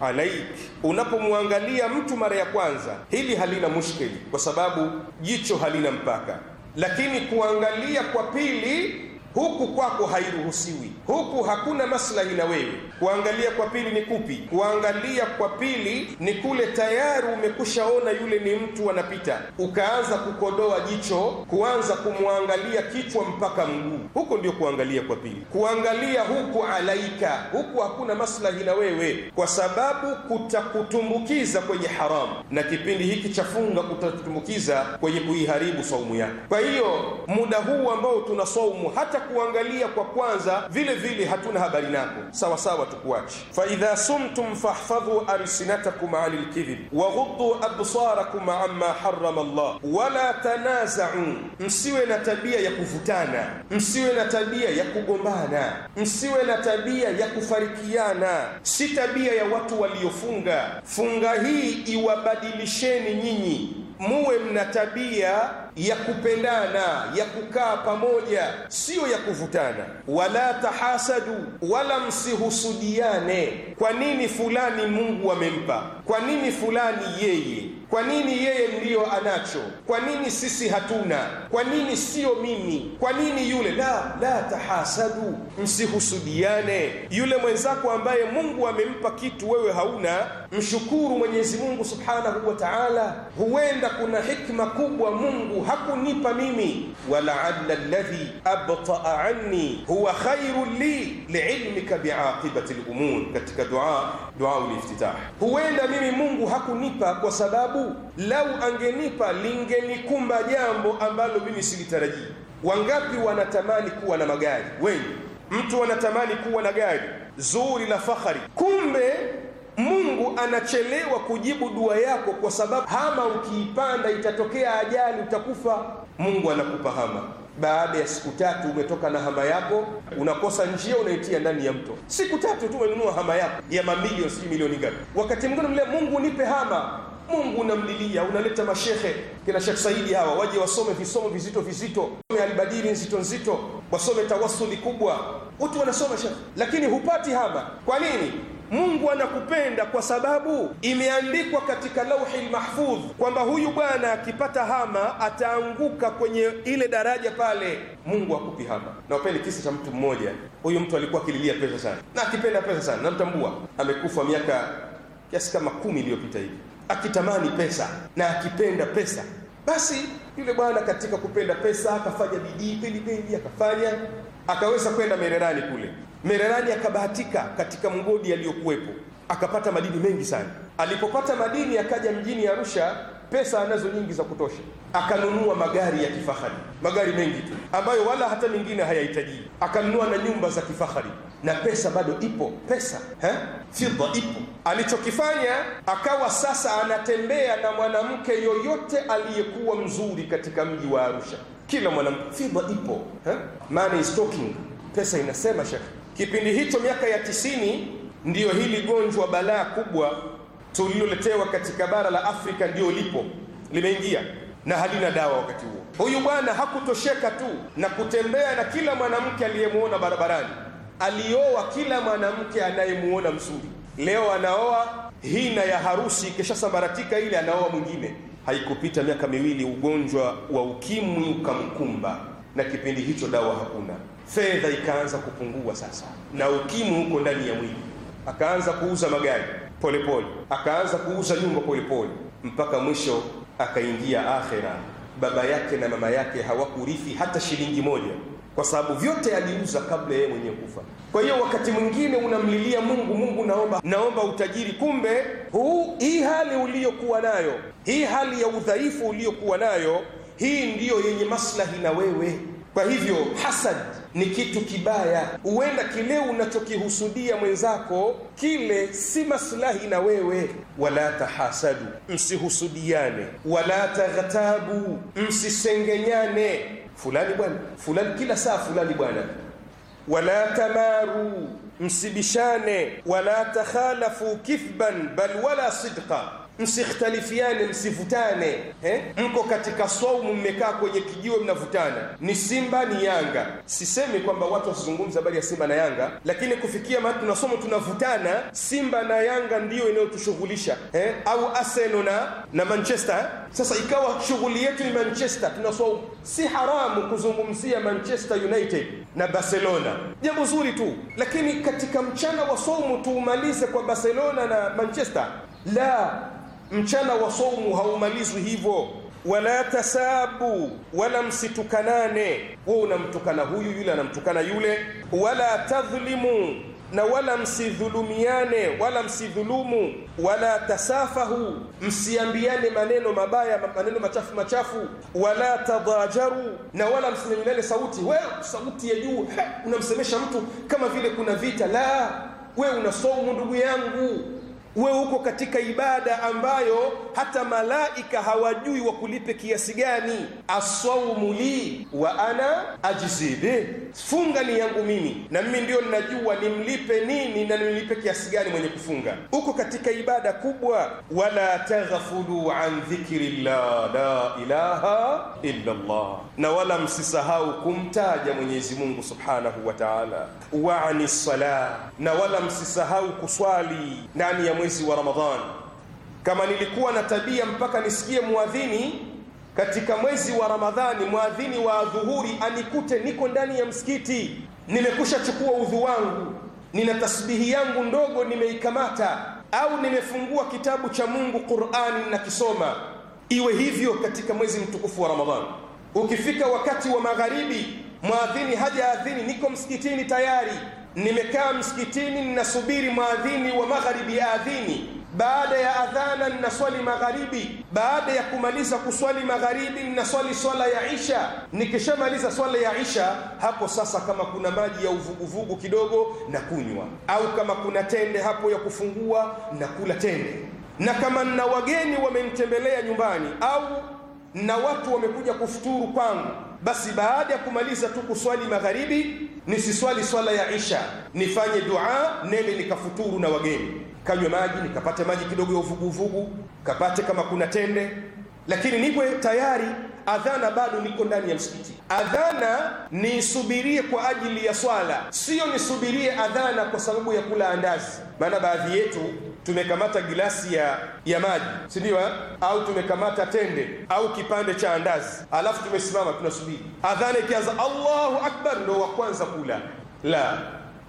alaik, unapomwangalia mtu mara ya kwanza, hili halina mushkili, kwa sababu jicho halina mpaka, lakini kuangalia kwa pili huku kwako hairuhusiwi, huku hakuna maslahi na wewe Kuangalia kwa pili ni kupi? Kuangalia kwa pili ni kule tayari umekushaona yule ni mtu anapita, ukaanza kukodoa jicho, kuanza kumwangalia kichwa mpaka mguu. Huko ndio kuangalia kwa pili. Kuangalia huku alaika, huku hakuna maslahi na wewe, kwa sababu kutakutumbukiza kwenye haramu, na kipindi hiki cha funga kutakutumbukiza kwenye kuiharibu saumu yako. Kwa hiyo muda huu ambao tuna saumu, hata kuangalia kwa kwanza vile vile hatuna habari nako, sawa sawa hatakuachi faidha sumtum fahfadhu alsinatakum ani lkidhib waghuddu absarakum amma harama llah wala tanazau msiwe na tabia ya kuvutana msiwe na tabia ya kugombana msiwe na tabia ya kufarikiana si tabia ya watu waliofunga funga hii iwabadilisheni nyinyi muwe mna tabia ya kupendana ya kukaa pamoja, siyo ya kuvutana. Wala tahasadu, wala msihusudiane. Kwa nini fulani Mungu amempa? Kwa nini fulani yeye kwa nini yeye ndiyo anacho? Kwa nini sisi hatuna? Kwa nini siyo mimi? Kwa nini yule? La, la tahasadu, msihusudiane. Yule mwenzako ambaye Mungu amempa kitu wewe hauna, mshukuru Mwenyezi Mungu subhanahu wa taala. Huenda kuna hikma kubwa Mungu hakunipa mimi, walaalla alladhi abtaa anni huwa khairun li liilmika biaqibati lumur, katika dua dua uliftitah. Huenda mimi Mungu hakunipa kwa sababu lau angenipa lingenikumba jambo ambalo mimi silitarajii. Wangapi wanatamani kuwa na magari wengi? Mtu anatamani kuwa na gari zuri la fahari, kumbe mungu anachelewa kujibu dua yako kwa sababu hama ukiipanda itatokea ajali utakufa mungu anakupa hama baada ya siku tatu umetoka na hama yako unakosa njia unaitia ndani ya mto siku tatu tu umenunua hama yako ya mamilioni sijui milioni ngapi wakati mwingine mlea, mungu nipe hama mungu unamlilia unaleta mashehe kina shekh saidi hawa waje wasome visomo vizito vizito alibadili nzito nzito wasome tawasuli kubwa watu wanasoma shekh lakini hupati hama kwa nini Mungu anakupenda kwa sababu imeandikwa katika lauhi lmahfudh kwamba huyu bwana akipata hama ataanguka kwenye ile daraja pale. Mungu akupi hama. Nawapeni kisa cha mtu mmoja. Huyu mtu alikuwa akililia pesa sana na akipenda pesa sana, namtambua. Amekufa miaka kiasi kama kumi iliyopita hivi, akitamani pesa na akipenda pesa. Basi yule bwana katika kupenda pesa akafanya bidii pelipeli akafanya akaweza kwenda Mererani kule Mererani akabahatika katika mgodi aliyokuwepo akapata madini mengi sana. Alipopata madini, akaja mjini Arusha, pesa anazo nyingi za kutosha, akanunua magari ya kifahari, magari mengi tu ambayo wala hata mengine hayahitaji. Akanunua na nyumba za kifahari, na pesa bado ipo, pesa ha? fidha ipo. Alichokifanya akawa sasa anatembea na mwanamke yoyote aliyekuwa mzuri katika mji wa Arusha, kila mwanamke, fidha ipo ha? money is talking, pesa inasema shekhi Kipindi hicho miaka ya tisini, ndiyo hili gonjwa balaa kubwa tuliloletewa katika bara la Afrika ndiyo lipo limeingia na halina dawa wakati huo. Huyu bwana hakutosheka tu na kutembea na kila mwanamke aliyemwona barabarani, alioa kila mwanamke anayemwona mzuri. Leo anaoa hina ya harusi, ikishasambaratika ile anaoa mwingine. Haikupita miaka miwili, ugonjwa wa ukimwi ukamkumba, na kipindi hicho dawa hakuna fedha ikaanza kupungua sasa, na ukimwi huko ndani ya mwili. Akaanza kuuza magari polepole, akaanza kuuza nyumba polepole, mpaka mwisho akaingia akhera. Baba yake na mama yake hawakurithi hata shilingi moja, kwa sababu vyote aliuza kabla yeye mwenyewe kufa. Kwa hiyo wakati mwingine unamlilia Mungu, Mungu, naomba naomba utajiri, kumbe huu hii hali uliyokuwa nayo, hii hali ya udhaifu uliyokuwa nayo, hii ndiyo yenye maslahi na wewe. Kwa hivyo hasad ni kitu kibaya. Huenda kile unachokihusudia mwenzako kile si maslahi na wewe. Wala tahasadu, msihusudiane. Wala taghtabu, msisengenyane. Fulani bwana fulani, kila saa fulani bwana. Wala tamaru, msibishane. Wala takhalafu kithban bal wala sidqa msikhtalifiane, msivutane eh? Mko katika swaumu, mmekaa kwenye kijiwe, mnavutana, ni Simba ni Yanga. Sisemi kwamba watu wasizungumza habari ya Simba na Yanga, lakini kufikia mahali tunasoma tunavutana, Simba na Yanga ndiyo inayotushughulisha eh? au Arsenal na na Manchester. Eh? Sasa ikawa shughuli yetu ni Manchester, tuna Si haramu kuzungumzia Manchester United na Barcelona, jambo zuri tu, lakini katika mchana wa swaumu tuumalize kwa Barcelona na Manchester la mchana wa saumu haumalizwi hivyo wala tasabu wala msitukanane wewe unamtukana huyu yule anamtukana yule wala tadhlimu na wala msidhulumiane wala msidhulumu wala tasafahu msiambiane maneno mabaya maneno machafu machafu wala tadajaru na wala msinyanyane sauti we sauti ya juu unamsemesha mtu kama vile kuna vita la we una ndugu yangu uwe huko katika ibada ambayo hata malaika hawajui wakulipe kiasi gani. asaumu li wa ana ajzi funga ni yangu mimi na mimi ndio ninajua nimlipe nini na nimlipe kiasi gani mwenye kufunga. Uko katika ibada kubwa. wala taghfulu an dhikri dhikrillah la ilaha illa Allah, na wala msisahau kumtaja Mwenyezi Mungu subhanahu wa ta'ala. wa anis sala, na wala msisahau kuswali ndani ya mwezi wa Ramadhan. Kama nilikuwa na tabia mpaka nisikie muadhini katika mwezi wa Ramadhani, muadhini wa dhuhuri anikute niko ndani ya msikiti, nimekusha chukua udhu wangu, nina tasbihi yangu ndogo nimeikamata, au nimefungua kitabu cha Mungu Qur'ani nakisoma, iwe hivyo katika mwezi mtukufu wa Ramadhani. Ukifika wakati wa magharibi, muadhini hajaadhini, niko msikitini tayari nimekaa msikitini ninasubiri mwadhini wa magharibi aadhini baada ya adhana ninaswali magharibi. Baada ya kumaliza kuswali magharibi, ninaswali swala ya isha. Nikishamaliza swala ya isha, hapo sasa, kama kuna maji ya uvuguvugu kidogo na kunywa, au kama kuna tende hapo ya kufungua na kula tende, na kama nna wageni wamenitembelea nyumbani au na watu wamekuja kufuturu kwangu, basi baada ya kumaliza tu kuswali magharibi nisiswali swala ya isha, nifanye dua, nende nikafuturu na wageni, kanywe maji, nikapate maji kidogo ya uvuguvugu, kapate kama kuna tende, lakini niwe tayari adhana bado niko ndani ya msikiti. Adhana nisubirie kwa ajili ya swala, siyo nisubirie adhana kwa sababu ya kula andazi, maana baadhi yetu tumekamata gilasi ya ya maji, si ndio? Eh? Au tumekamata tende au kipande cha andazi, alafu tumesimama tunasubiri adhana. Ikianza Allahu akbar, ndo wa kwanza kula. La,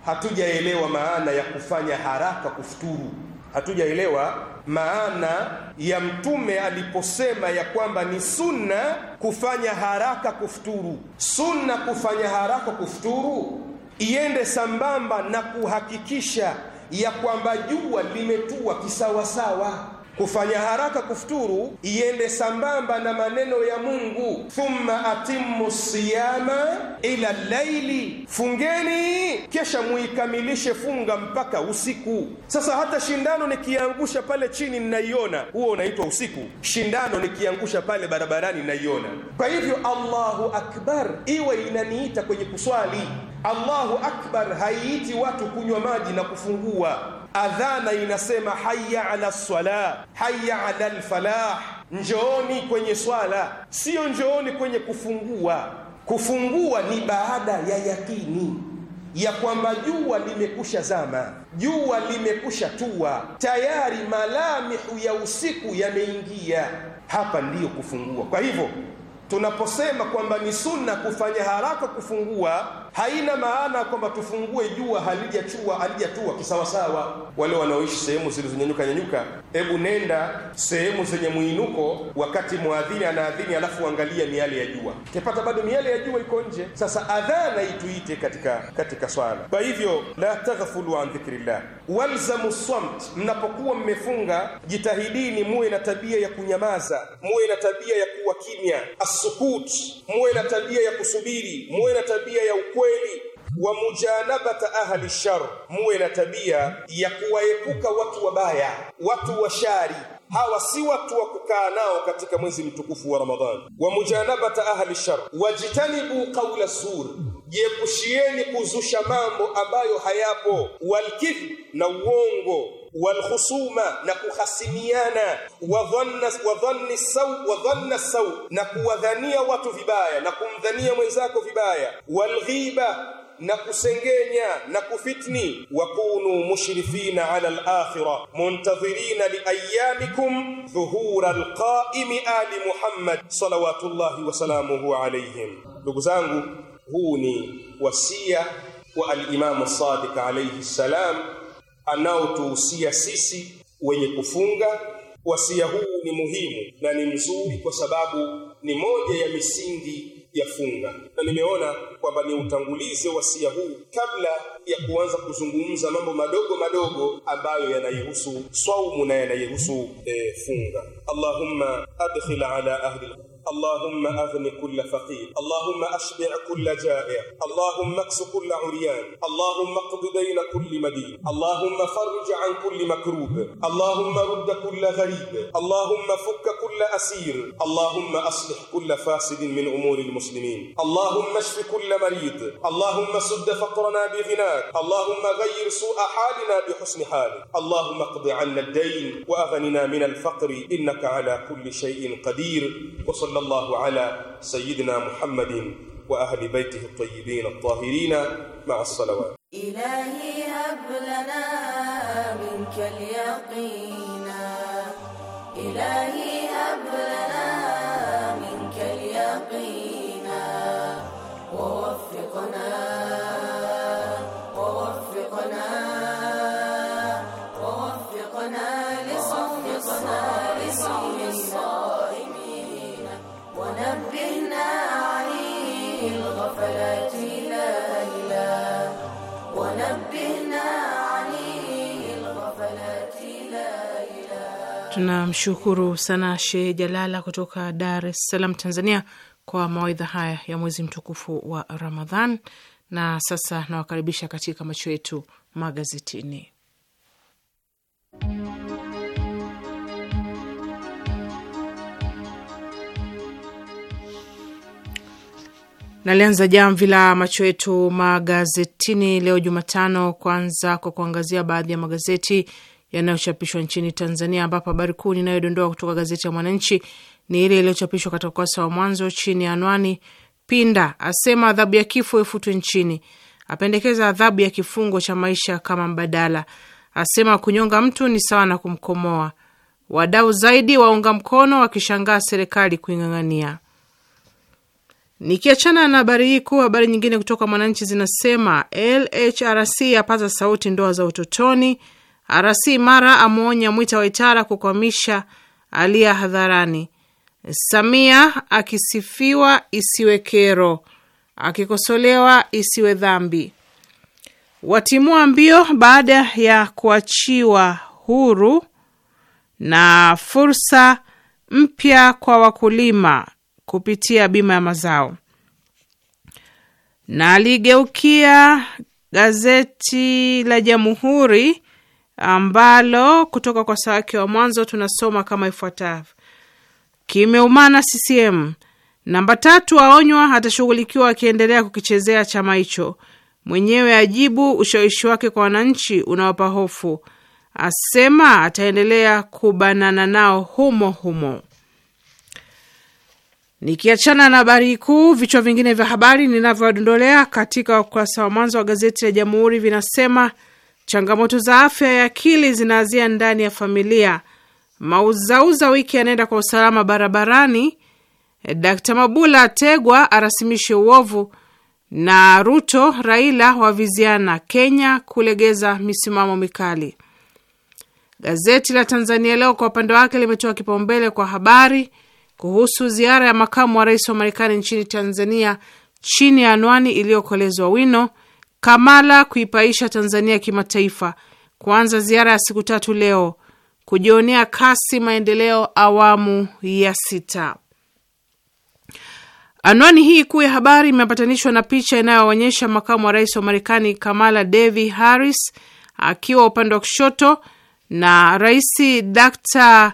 hatujaelewa maana ya kufanya haraka kufuturu. Hatujaelewa maana ya Mtume aliposema ya kwamba ni sunna kufanya haraka kufuturu. Sunna kufanya haraka kufuturu iende sambamba na kuhakikisha ya kwamba jua limetua kisawasawa kufanya haraka kufuturu iende sambamba na maneno ya Mungu, thumma atimmu siyama ila laili, fungeni kesha muikamilishe funga mpaka usiku. Sasa hata shindano nikiangusha pale chini ninaiona, huo unaitwa usiku. Shindano nikiangusha pale barabarani ninaiona. Kwa hivyo, Allahu akbar iwe inaniita kwenye kuswali. Allahu akbar haiiti watu kunywa maji na kufungua adhana inasema hayya ala sala, hayya ala lfalah, njooni kwenye swala, siyo njooni kwenye kufungua. Kufungua ni baada ya yakini ya kwamba jua limekusha zama, jua limekusha tua, tayari malamihu ya usiku yameingia. Hapa ndiyo kufungua. Kwa hivyo tunaposema kwamba ni sunna kufanya haraka kufungua, haina maana kwamba tufungue jua halijachua halijatua kisawasawa. Wale wanaoishi sehemu zilizonyanyuka nyanyuka, hebu nenda sehemu zenye mwinuko, wakati mwadhini anaadhini, alafu angalia miale ya jua, utapata bado miale ya jua iko nje. Sasa adhana ituite katika katika swala. Kwa hivyo, la taghfulu an dhikrillah walzamu samt, mnapokuwa mmefunga jitahidini muwe na tabia ya kunyamaza, muwe na tabia ya kuwa kimya, assukut, muwe na tabia ya kusubiri, muwe na tabia ya ukwa kweli wa mujanabata ahli shar, muwe na tabia ya kuwaepuka watu wabaya, watu wa shari. Hawa si watu wa kukaa nao katika mwezi mtukufu wa Ramadhani. Wa mujanabata ahli shar, wajtanibu qawla sur jiepushieni kuzusha mambo ambayo hayapo, walkidhb, na uongo walkhusuma na kuhasimiana, wadhanni sau wadhanna sau, na kuwadhania watu vibaya na kumdhania mwenzako vibaya, walghiba na kusengenya na kufitni. Wakunu mushrifina ala alakhira muntadhirina liayamikum dhuhura alqaimi ali Muhammad salawatullahi wasalamuhu alaihim. Ndugu zangu huu ni wasia wa alimamu Sadiq alayhi salam anaotuhusia sisi wenye kufunga. Wasia huu ni muhimu na ni mzuri, kwa sababu ni moja ya misingi ya funga, na nimeona kwamba ni utangulize wasia huu kabla ya kuanza kuzungumza mambo madogo madogo ambayo yanayohusu swaumu na yanayohusu e, eh, funga. Allahumma adkhil ala ahli اللهم أغن كل فقير اللهم أشبع كل جائع اللهم اكس كل عريان اللهم اقض دين كل مدين اللهم فرج عن كل مكروب اللهم رد كل غريب اللهم فك كل أسير اللهم أصلح كل فاسد من أمور المسلمين اللهم اشف كل مريض اللهم سد فقرنا بغناك اللهم غير سوء حالنا بحسن حالك اللهم اقض عنا الدين وأغننا من الفقر إنك على كل شيء قدير وصل وصلى الله على سيدنا محمد وأهل بيته الطيبين الطاهرين مع الصلوات إلهي هب لنا منك اليقين إلهي Tunamshukuru sana Shehe Jalala kutoka Dar es Salaam, Tanzania, kwa mawaidha haya ya mwezi mtukufu wa Ramadhan. Na sasa nawakaribisha katika macho yetu magazetini. Nalianza jamvi la macho yetu magazetini leo Jumatano, kwanza kwa kuangazia baadhi ya magazeti yanayochapishwa nchini Tanzania, ambapo habari kuu ninayodondoa kutoka gazeti ya Mwananchi ni ile iliyochapishwa katika ukurasa wa mwanzo chini ya anwani Pinda asema adhabu ya kifo ifutwe nchini, apendekeza adhabu ya kifungo cha maisha kama mbadala, asema kunyonga mtu ni sawa na kumkomoa. Wadau zaidi waunga mkono, wakishangaa serikali kuing'ang'ania. Nikiachana na habari hii kuu, habari nyingine kutoka Mwananchi zinasema LHRC yapaza sauti ndoa za utotoni, Arasi Mara amwonya Mwita Waitara kukwamisha aliya hadharani. Samia akisifiwa isiwe kero, akikosolewa isiwe dhambi. Watimua mbio baada ya kuachiwa huru, na fursa mpya kwa wakulima kupitia bima ya mazao. Na aligeukia gazeti la Jamhuri ambalo kutoka kwa sawaki wa mwanzo tunasoma kama ifuatavyo: kimeumana CCM. Namba tatu aonywa, atashughulikiwa akiendelea kukichezea chama hicho. Mwenyewe ajibu ushawishi wake kwa wananchi unawapa hofu, asema ataendelea kubanana nao humo humo. Nikiachana na habari kuu, vichwa vingine vya habari ninavyodondolea katika ukurasa wa mwanzo wa gazeti la Jamhuri vinasema: Changamoto za afya ya akili zinaanzia ndani ya familia. Mauzauza wiki anaenda kwa usalama barabarani. Dkt Mabula Tegwa arasimishe uovu na Ruto Raila waviziana Kenya kulegeza misimamo mikali. Gazeti la Tanzania Leo kwa upande wake limetoa kipaumbele kwa habari kuhusu ziara ya makamu wa rais wa Marekani nchini Tanzania chini ya anwani iliyokolezwa wino Kamala kuipaisha Tanzania kimataifa, kuanza ziara ya siku tatu leo, kujionea kasi maendeleo awamu ya sita. Anwani hii kuu ya habari imeambatanishwa na picha inayoonyesha makamu wa rais wa Marekani Kamala davi Harris akiwa upande wa kushoto na Rais Dr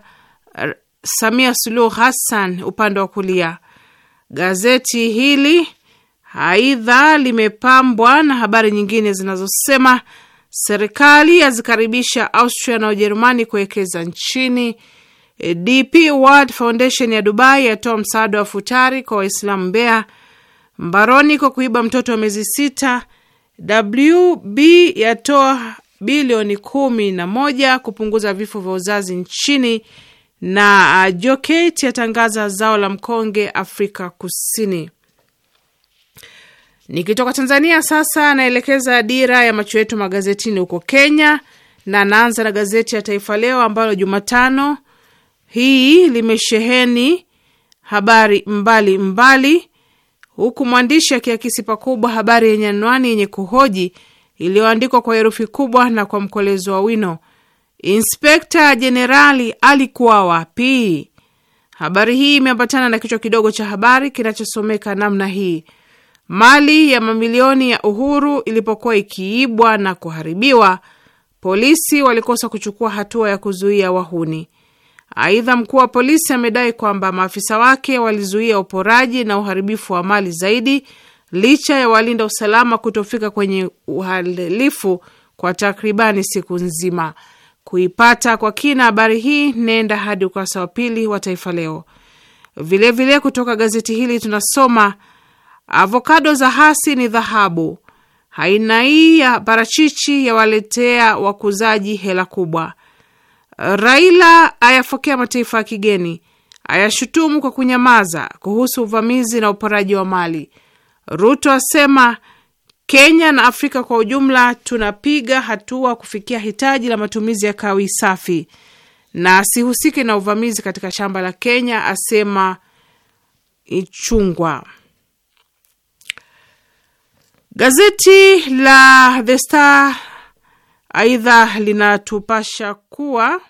Samia Suluhu Hassan upande wa kulia. Gazeti hili Aidha, limepambwa na habari nyingine zinazosema serikali yazikaribisha Austria na Ujerumani kuwekeza nchini. DP World Foundation ya Dubai yatoa msaada wa futari kwa Waislamu Mbeya. Mbaroni kwa kuiba mtoto wa miezi sita. WB yatoa bilioni kumi na moja kupunguza vifo vya uzazi nchini, na Jokate yatangaza zao la mkonge Afrika Kusini. Nikitoka Tanzania sasa naelekeza dira ya macho yetu magazetini huko Kenya, na naanza na gazeti ya Taifa Leo ambalo Jumatano hii limesheheni habari mbali mbali, huku mwandishi akiakisi pakubwa habari yenye anwani yenye kuhoji iliyoandikwa kwa herufi kubwa na kwa mkolezo wa wino, Inspekta Jenerali alikuwa wapi? Habari hii imeambatana na kichwa kidogo cha habari kinachosomeka namna hii mali ya mamilioni ya Uhuru ilipokuwa ikiibwa na kuharibiwa, polisi walikosa kuchukua hatua ya kuzuia wahuni. Aidha, mkuu wa polisi amedai kwamba maafisa wake walizuia uporaji na uharibifu wa mali zaidi licha ya walinda usalama kutofika kwenye uhalifu kwa takribani siku nzima. Kuipata kwa kina habari hii, nenda hadi ukurasa wa pili wa Taifa Leo. Vilevile vile kutoka gazeti hili tunasoma Avokado za hasi ni dhahabu. Aina hii ya parachichi yawaletea wakuzaji hela kubwa. Raila ayafokea mataifa ya kigeni, ayashutumu kwa kunyamaza kuhusu uvamizi na uporaji wa mali. Ruto asema Kenya na Afrika kwa ujumla tunapiga hatua kufikia hitaji la matumizi ya kawi safi, na asihusike na uvamizi katika shamba la Kenya, asema Ichungwa. Gazeti la The Star aidha linatupasha kuwa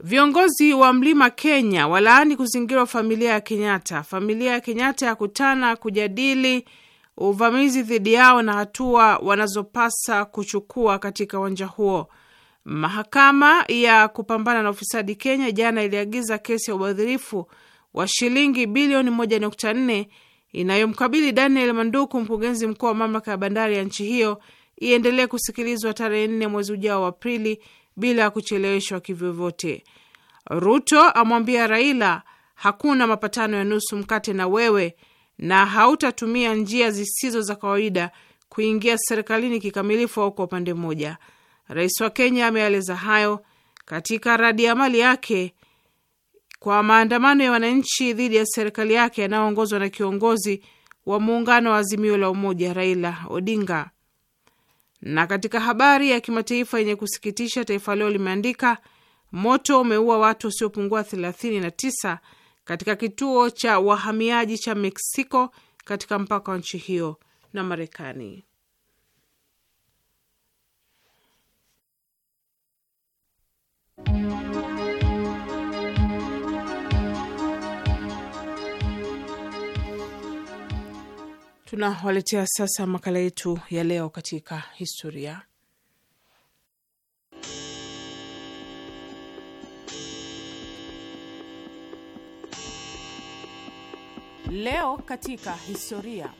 viongozi wa mlima Kenya walaani kuzingirwa familia ya Kenyatta. Familia ya Kenyatta yakutana kujadili uvamizi dhidi yao na hatua wanazopasa kuchukua katika uwanja huo. Mahakama ya kupambana na ufisadi Kenya jana iliagiza kesi ya ubadhirifu wa shilingi bilioni 1.4 inayomkabili Daniel Manduku, mkurugenzi mkuu wa mamlaka ya bandari ya nchi hiyo, iendelee kusikilizwa tarehe nne mwezi ujao wa Aprili bila ya kucheleweshwa kivyovyote. Ruto amwambia Raila hakuna mapatano ya nusu mkate na wewe, na hautatumia njia zisizo za kawaida kuingia serikalini kikamilifu au kwa upande mmoja. Rais wa Kenya ameeleza hayo katika radi ya mali yake kwa maandamano ya wananchi dhidi ya serikali yake yanayoongozwa na kiongozi wa muungano wa Azimio la Umoja Raila Odinga. Na katika habari ya kimataifa yenye kusikitisha, Taifa Leo limeandika moto umeua watu wasiopungua 39 katika kituo cha wahamiaji cha Meksiko katika mpaka wa nchi hiyo na Marekani. Tunawaletea sasa makala yetu ya leo katika historia. Leo katika historia.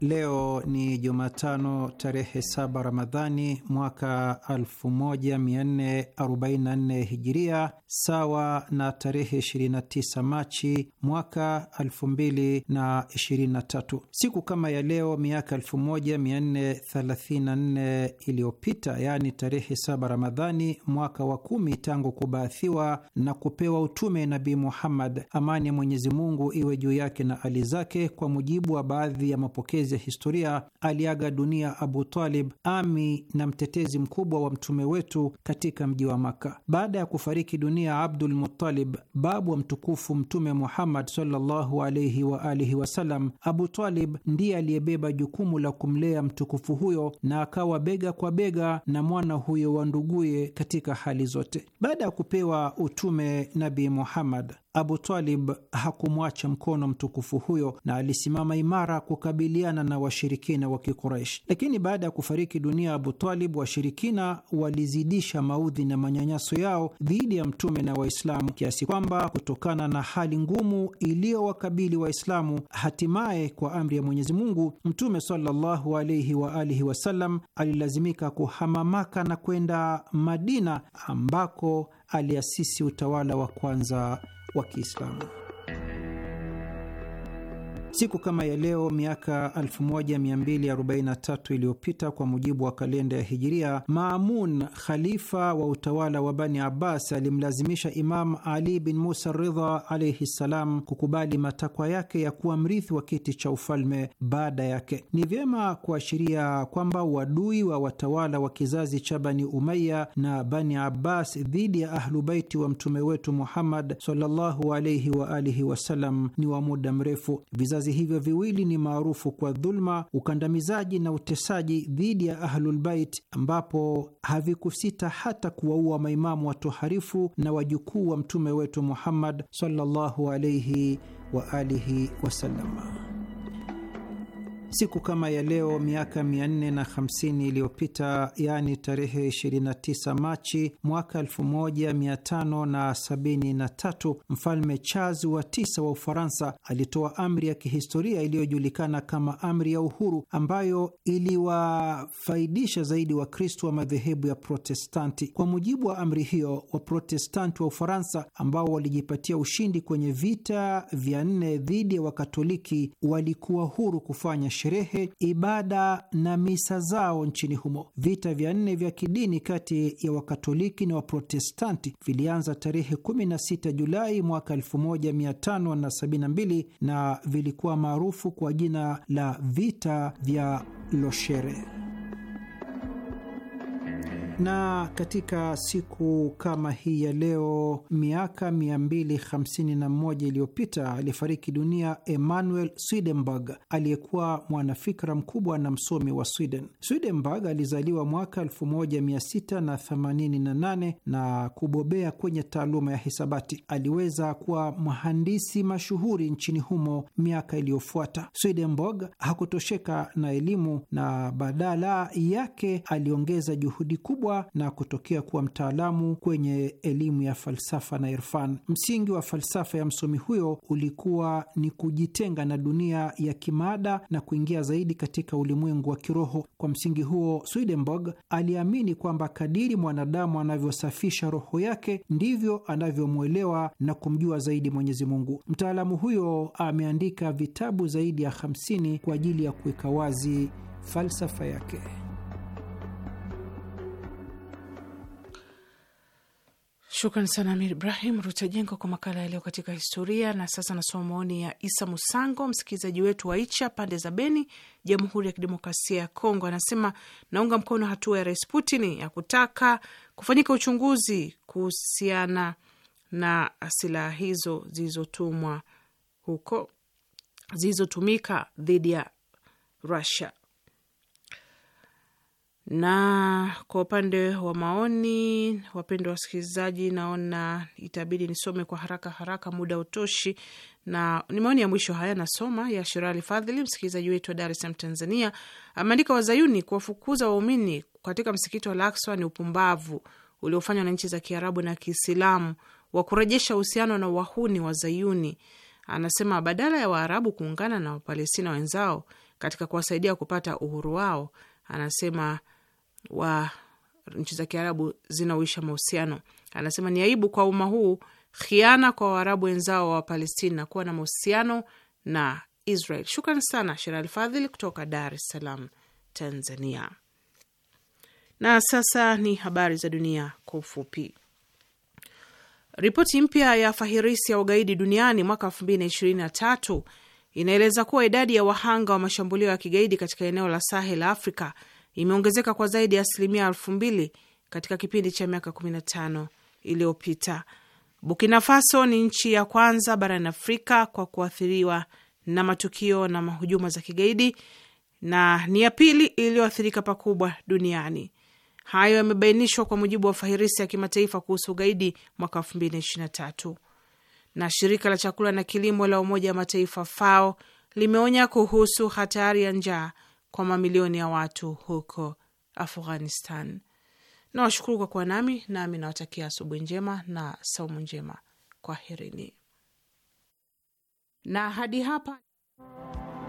Leo ni Jumatano tarehe 7 Ramadhani mwaka 1444 Hijiria, sawa na tarehe 29 Machi mwaka 2023. Siku kama ya leo miaka 1434 iliyopita, yaani tarehe 7 Ramadhani mwaka wa kumi tangu kubaathiwa na kupewa utume Nabii Muhammad, amani ya Mwenyezi Mungu iwe juu yake na ali zake, kwa mujibu wa baadhi ya mapokezi simulizi ya historia, aliaga dunia Abu Talib, ami na mtetezi mkubwa wa mtume wetu katika mji wa Maka. Baada ya kufariki dunia Abdul Muttalib, babu wa mtukufu Mtume Muhammad sallallahu alaihi wa alihi wasallam, Abu Talib ndiye aliyebeba jukumu la kumlea mtukufu huyo na akawa bega kwa bega na mwana huyo wa nduguye katika hali zote. Baada ya kupewa utume Nabi Muhammad, Abu Talib hakumwacha mkono mtukufu huyo na alisimama imara kukabiliana na washirikina wa Kikureish. Lakini baada ya kufariki dunia Abu Talib, washirikina walizidisha maudhi na manyanyaso yao dhidi ya Mtume na Waislamu kiasi kwamba kutokana na hali ngumu iliyowakabili Waislamu, hatimaye kwa amri ya Mwenyezi Mungu, Mtume sallallahu alaihi wa alihi wasallam alilazimika kuhamamaka na kwenda Madina ambako aliasisi utawala wa kwanza wa Kiislamu. Siku kama ya leo miaka 1243 iliyopita kwa mujibu wa kalenda ya Hijiria, Maamun khalifa wa utawala wa Bani Abbas alimlazimisha Imam Ali bin Musa Ridha alaihi ssalam kukubali matakwa yake ya kuwa mrithi wa kiti cha ufalme baada yake. Ni vyema kuashiria kwamba uadui wa watawala wa kizazi cha Bani Umaya na Bani Abbas dhidi ya Ahlubaiti wa mtume wetu Muhammad sallallahu alaihi waalihi wasalam ni wa muda mrefu. Vizazi vizazi hivyo viwili ni maarufu kwa dhulma ukandamizaji na utesaji dhidi ya Ahlulbait, ambapo havikusita hata kuwaua maimamu watoharifu na wajukuu wa mtume wetu Muhammad sallallahu alaihi wa alihi wasallam. Siku kama ya leo miaka 450 iliyopita, yaani tarehe 29 Machi mwaka 1573, mfalme Charles wa tisa wa Ufaransa alitoa amri ya kihistoria iliyojulikana kama amri ya uhuru, ambayo iliwafaidisha zaidi Wakristo wa madhehebu ya Protestanti. Kwa mujibu wa amri hiyo, Waprotestanti wa Ufaransa ambao walijipatia ushindi kwenye vita vya nne dhidi ya Wakatoliki walikuwa huru kufanya sherehe, ibada na misa zao nchini humo. Vita vya nne vya kidini kati ya Wakatoliki na Waprotestanti vilianza tarehe 16 Julai mwaka 1572 na vilikuwa maarufu kwa jina la vita vya Loshere na katika siku kama hii ya leo miaka 251 iliyopita alifariki dunia emmanuel Swedenborg aliyekuwa mwanafikra mkubwa na msomi wa Sweden. Swedenborg alizaliwa mwaka 1688 na kubobea kwenye taaluma ya hisabati. Aliweza kuwa mhandisi mashuhuri nchini humo miaka iliyofuata. Swedenborg hakutosheka na elimu na badala yake aliongeza juhudi kubwa mkubwa na kutokea kuwa mtaalamu kwenye elimu ya falsafa na irfan. Msingi wa falsafa ya msomi huyo ulikuwa ni kujitenga na dunia ya kimaada na kuingia zaidi katika ulimwengu wa kiroho. Kwa msingi huo, Swedenborg aliamini kwamba kadiri mwanadamu anavyosafisha roho yake ndivyo anavyomwelewa na kumjua zaidi Mwenyezi Mungu. Mtaalamu huyo ameandika vitabu zaidi ya 50 kwa ajili ya kuweka wazi falsafa yake. Shukran sana Amir Ibrahim Rutajengo kwa makala ya leo katika historia. Na sasa nasoma maoni ya Isa Musango, msikilizaji wetu wa Icha pande za Beni, Jamhuri ya Kidemokrasia ya Kongo. Anasema naunga mkono hatua ya Rais Putin ya kutaka kufanyika uchunguzi kuhusiana na silaha hizo zilizotumwa huko zilizotumika dhidi ya Rusia. Na kwa upande wa maoni, wapendwa wasikilizaji, naona itabidi nisome kwa haraka haraka, muda utoshi, na ni maoni ya mwisho haya. Nasoma ya Shirali Fadhili, msikilizaji wetu wa Dar es Salaam, Tanzania. Ameandika, wazayuni kuwafukuza waumini katika msikiti wa Al-Aqsa ni upumbavu uliofanywa na nchi za Kiarabu na Kiislamu wa kurejesha uhusiano na wahuni wazayuni. Anasema badala ya Waarabu kuungana na Wapalestina wenzao katika kuwasaidia kupata uhuru wao, anasema wa nchi za Kiarabu zinaoisha mahusiano. Anasema ni aibu kwa umma huu, khiana kwa Waarabu wenzao wa Palestina kuwa na mahusiano na Israel. Shukran sana Sheral Fadhili kutoka Dar es Salaam, Tanzania. Na sasa ni habari za dunia kwa ufupi. Ripoti mpya ya fahirisi ya ugaidi duniani mwaka elfu mbili na na ishirini tatu inaeleza kuwa idadi ya wahanga wa mashambulio ya kigaidi katika eneo la Sahel Afrika imeongezeka kwa zaidi ya asilimia elfu mbili katika kipindi cha miaka 15 iliyopita. Burkina Faso ni nchi ya kwanza barani Afrika kwa kuathiriwa na matukio na mahujuma za kigaidi na ni ya pili iliyoathirika pakubwa duniani. Hayo yamebainishwa kwa mujibu wa fahirisi ya kimataifa kuhusu ugaidi mwaka 2023. Na shirika la chakula na kilimo la Umoja wa Mataifa FAO limeonya kuhusu hatari ya njaa kwa mamilioni ya watu huko Afghanistan. Nawashukuru kwa kuwa nami nami, nawatakia asubuhi njema na saumu njema. Kwaherini na hadi hapa.